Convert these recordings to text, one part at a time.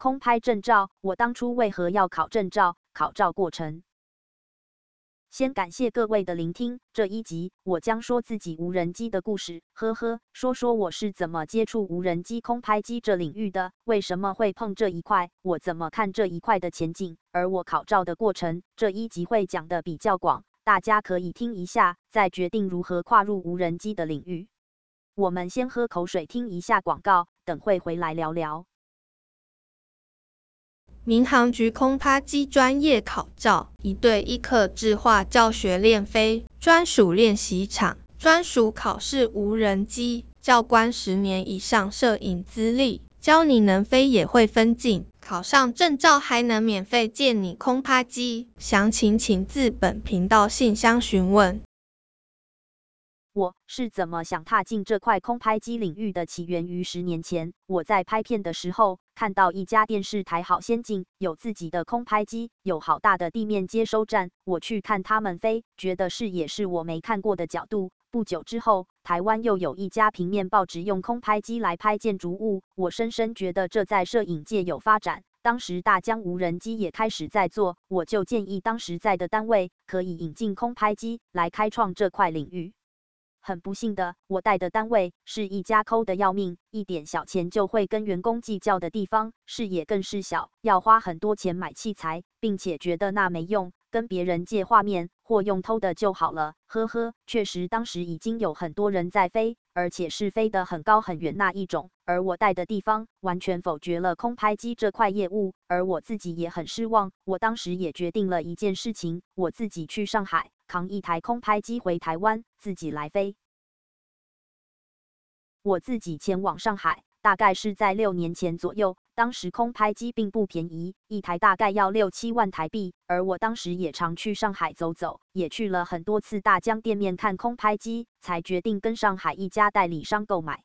空拍證照，我當初為何要考證照？考照過程。先感謝各位的聆聽，這一集我將說自己無人機的故事，呵呵，說說我是怎麼接觸無人機空拍機這領域的，為什麼會碰這一塊，我怎麼看這一塊的前景，而我考照的過程，這一集會講的比較廣，大家可以聽一下，再決定如何跨入無人機的領域。我們先喝口水，聽一下廣告，等會回來聊聊。民航局空拍機專業考照，一對一客製化教學練飛，專屬練習場，專屬考試無人機，教官十年以上攝影資歷，教你能飛也會分鏡，考上證照還能免費借你空拍機，詳情請自本頻道信箱詢問。我是怎麼想踏進這塊空拍機領域的？起源於十年前，我在拍片的時候看到一家電視台好先進，有自己的空拍機，有好大的地面接收站。我去看他們飛，覺得視野是我沒看過的角度。不久之後，台灣又有一家平面報紙用空拍機來拍建築物，我深深覺得這在攝影界有發展。當時大疆無人機也開始在做，我就建議當時在的單位可以引進空拍機來開創這塊領域。很不幸的，我帶的單位是一家摳的要命、一點小錢就會跟員工計較的地方，視野更是小，要花很多錢買器材，並且覺得那沒用，跟別人借畫面或用偷的就好了。呵呵，確實，當時已經有很多人在飛，而且是飛得很高很遠那一種。而我帶的地方完全否決了空拍機這塊業務，而我自己也很失望。我當時也決定了一件事情，我自己去上海。扛一台空拍機回台灣，自己來飛。我自己前往上海，大概是在六年前左右。當時空拍機並不便宜，一台大概要六七萬台幣。而我當時也常去上海走走，也去了很多次大疆店面看空拍機，才決定跟上海一家代理商購買。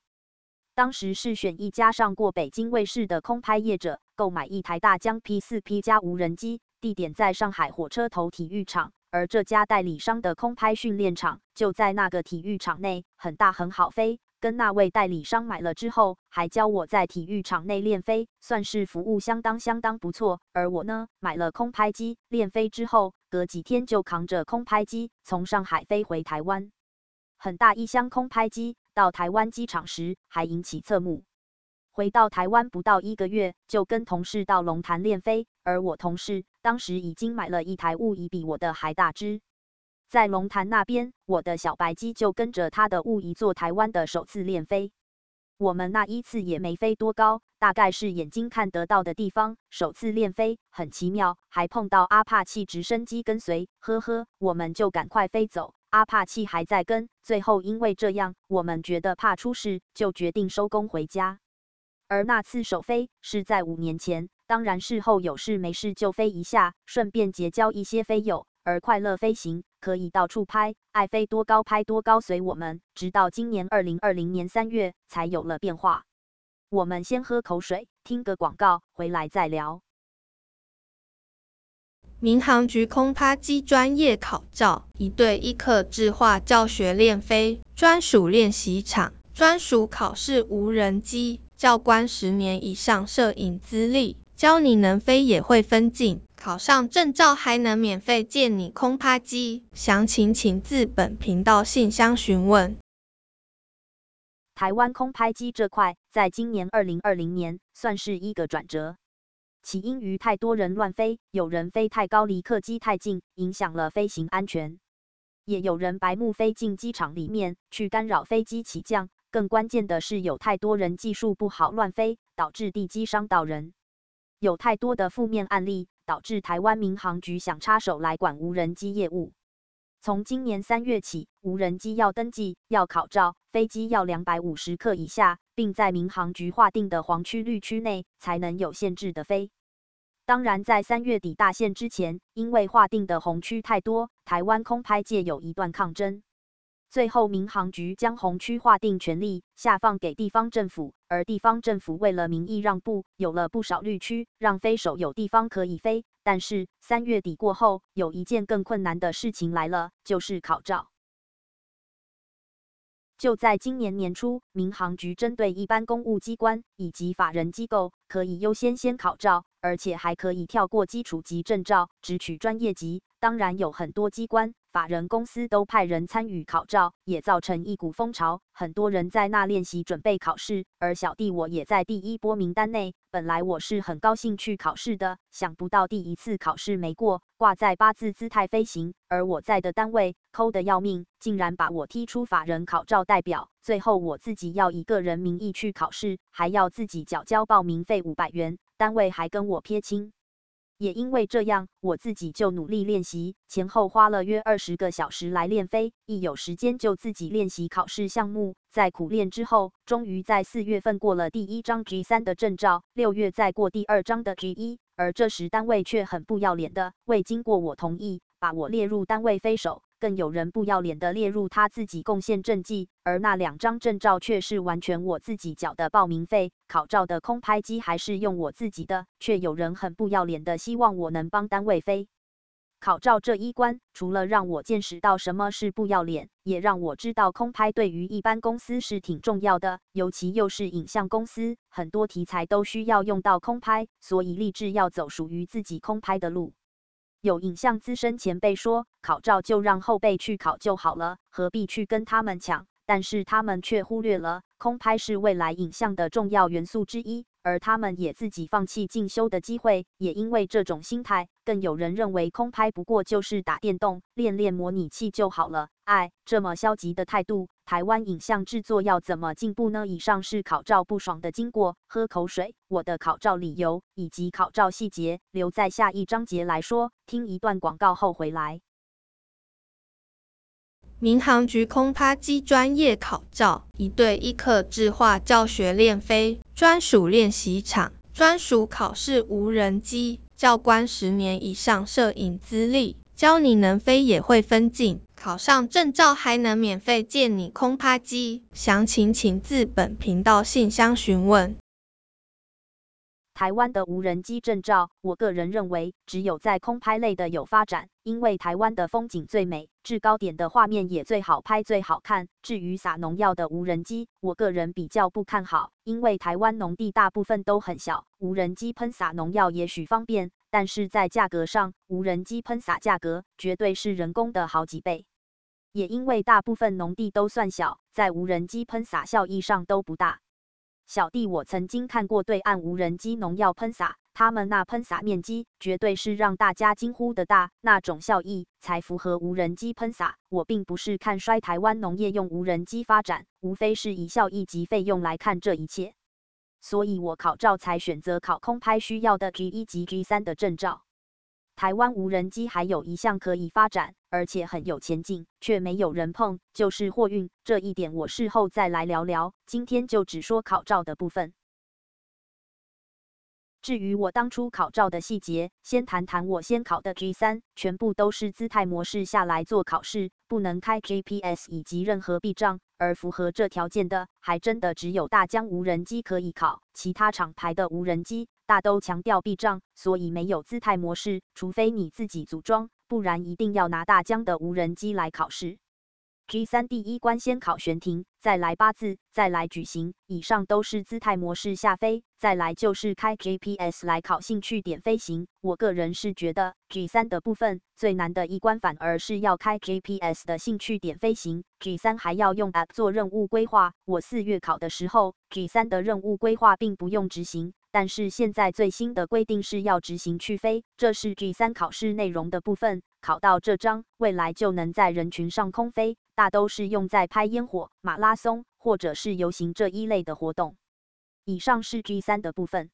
當時是選一家上過北京衛視的空拍業者，購買一台大疆 P 四 P 加無人機，地點在上海火車頭體育場。而這家代理商的空拍訓練場就在那個體育場內，很大，很好飛。跟那位代理商買了之後，還教我在體育場內練飛，算是服務相當相當不錯。而我呢，買了空拍機練飛之後，隔幾天就扛着空拍機從上海飛回台灣，很大一箱空拍機到台灣機場時還引起側目。回到台灣不到一個月，就跟同事到龍潭練飛，而我同事。當時已經買了一台悟一，比我的還大只。在龍潭那邊，我的小白機就跟着他的悟一做台灣的首次練飛。我們那一次也沒飛多高，大概是眼睛看得到的地方。首次練飛很奇妙，還碰到阿帕契直升機跟隨，呵呵，我們就趕快飛走。阿帕契還在跟，最後因為這樣，我們覺得怕出事，就決定收工回家。而那次首飛是在五年前。當然，事後有事沒事就飛一下，順便結交一些飛友。而快樂飛行可以到處拍，愛飛多高拍多高，隨我們。直到今年二零二零年三月才有了變化。我們先喝口水，聽個廣告，回來再聊。民航局空拍機專業考照，一對一客制化教學練飛，專屬練習場，專屬考試無人機，教官十年以上攝影資歷。教你能飛，也會分鏡，考上證照還能免費借你空拍機。詳情請自本頻道信箱詢問。台灣空拍機這塊，在今年二零二零年算是一個轉折，起因於太多人亂飛，有人飛太高離客機太近，影響了飛行安全；也有人白目飛進機場裡面去干擾飛機起降。更關鍵的是，有太多人技術不好亂飛，導致地基傷到人。有太多的負面案例，導致台灣民航局想插手來管無人機業務。從今年三月起，無人機要登記、要考照，飛機要兩百五十克以下，並在民航局劃定的黃區、綠區內才能有限制的飛。當然，在三月底大限之前，因為劃定的紅區太多，台灣空拍界有一段抗爭。最後，民航局將紅區劃定權力下放給地方政府，而地方政府為了民意讓步，有了不少綠區，讓飛手有地方可以飛。但是三月底過後，有一件更困難的事情來了，就是考照。就在今年年初，民航局針對一般公務機關以及法人機構，可以優先先考照，而且還可以跳過基礎級證照，直取專業級。當然，有很多機關。法人公司都派人參與考照，也造成一股風潮，很多人在那練習準備考試。而小弟我也在第一波名單內，本來我是很高興去考試的，想不到第一次考試沒過，掛在八字姿態飛行。而我在的單位摳得要命，竟然把我踢出法人考照代表，最後我自己要以個人名義去考試，還要自己繳交報名費五百元，單位還跟我撇清。也因為這樣，我自己就努力練習，前後花了約二十個小時來練飛。一有時間就自己練習考試項目。在苦練之後，終於在四月份過了第一張 G 三的證照，六月再過第二張的 G 一。而這時單位卻很不要臉的，未經過我同意，把我列入單位飛手。更有人不要臉的列入他自己貢獻政績，而那兩張證照卻是完全我自己繳的報名費，考照的空拍機還是用我自己的，卻有人很不要臉的希望我能幫單位飛。考照這一關，除了讓我見識到什麼是不要臉，也讓我知道空拍對於一般公司是挺重要的，尤其又是影像公司，很多題材都需要用到空拍，所以立志要走屬於自己空拍的路。有影像資深前輩說，考照就讓後輩去考就好了，何必去跟他們搶？但是他們卻忽略了，空拍是未來影像的重要元素之一。而他們也自己放棄進修的機會，也因為這種心態，更有人認為空拍不過就是打電動，練練模擬器就好了。哎，這麼消極的態度，台灣影像製作要怎麼進步呢？以上是考照不爽的經過，喝口水，我的考照理由以及考照細節留在下一章節來說。聽一段廣告後回來。民航局空拍機專業考照，一對一客製化教學練飛，專屬練習場，專屬考試無人機，教官十年以上攝影資歷，教你能飛也會分鏡，考上證照還能免費借你空拍機，詳情請自本頻道信箱詢問。台灣的無人機證照，我個人認為只有在空拍類的有發展，因為台灣的風景最美，制高點的畫面也最好拍、最好看。至於撒農藥的無人機，我個人比較不看好，因為台灣農地大部分都很小，無人機噴灑農藥也許方便，但是在價格上，無人機噴灑價格絕對是人工的好幾倍。也因為大部分農地都算小，在無人機噴灑效益上都不大。小弟，我曾經看過對岸無人機農藥噴灑，他們那噴灑面積絕對是讓大家驚呼的大，那種效益才符合無人機噴灑。我並不是看衰台灣農業用無人機發展，無非是以效益及費用來看這一切，所以我考照才選擇考空拍需要的 G 一級 G 三的證照。台灣無人機還有一項可以發展。而且很有前景，卻沒有人碰，就是貨運這一點，我事後再來聊聊。今天就只說考照的部分。至於我當初考照的細節，先談談我先考的 G3，全部都是姿態模式下來做考試，不能開 GPS 以及任何避障。而符合這條件的，還真的只有大疆無人機可以考，其他廠牌的無人機大都強調避障，所以沒有姿態模式，除非你自己組裝。不然一定要拿大疆的無人機來考試。G 三第一關先考懸停，再來八字，再來矩形，以上都是姿態模式下飛。再來就是開 GPS 來考興趣點飛行。我個人是覺得 G 三的部分最難的一關，反而是要開 GPS 的興趣點飛行。G 三還要用 App 做任務規劃。我四月考的時候，G 三的任務規劃並不用執行。但是現在最新的規定是要執行去飛，這是 G 三考試內容的部分，考到這張，未來就能在人群上空飛，大都是用在拍煙火、馬拉松或者是游行這一類的活動。以上是 G 三的部分，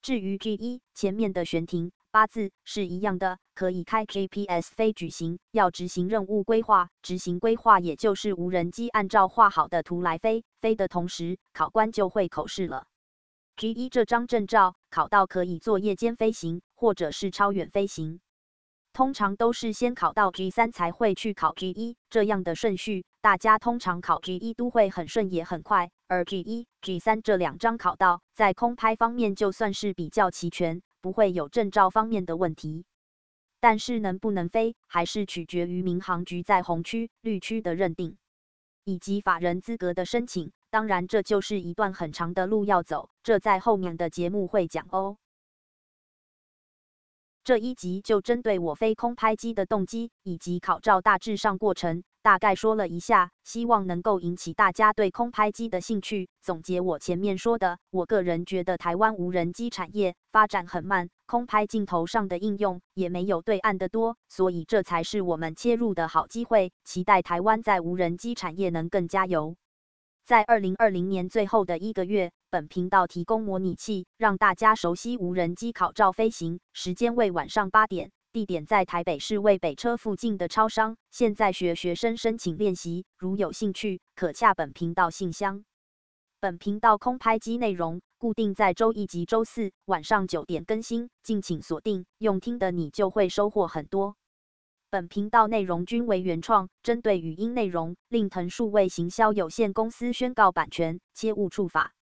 至於 G 一前面的懸停。八、啊、字是一樣的，可以開 GPS 飛矩形，要執行任務規劃，執行規劃也就是無人機按照畫好的圖來飛，飛的同時考官就會口試了。G 一這張證照考到可以做夜間飛行或者是超遠飛行，通常都是先考到 G 三才會去考 G 一，這樣的順序大家通常考 G 一都會很順也很快，而 G 一、G 三這兩張考到在空拍方面就算是比較齊全，不會有證照方面的問題，但是能不能飛還是取決於民航局在紅區、綠區的認定以及法人資格的申請。當然，這就是一段很長的路要走，這在後面的節目會講哦。這一集就針對我飛空拍機的動機以及考照大致上過程。大概說了一下，希望能夠引起大家對空拍機的興趣。總結我前面說的，我個人覺得台灣無人機產業發展很慢，空拍鏡頭上的應用也沒有對岸的多，所以這才是我們切入的好機會。期待台灣在無人機產業能更加油。在二零二零年最後的一個月，本頻道提供模擬器，讓大家熟悉無人機考照飛行，時間為晚上八點。地點在台北市衛北車附近的超商，現在學學生申請練習，如有興趣可洽本頻道信箱。本頻道空拍機內容固定在周一及周四晚上九點更新，敬請鎖定。用聽的你就會收穫很多。本頻道內容均為原創，針對語音內容，令藤數位行銷有限公司宣告版權，切勿觸法。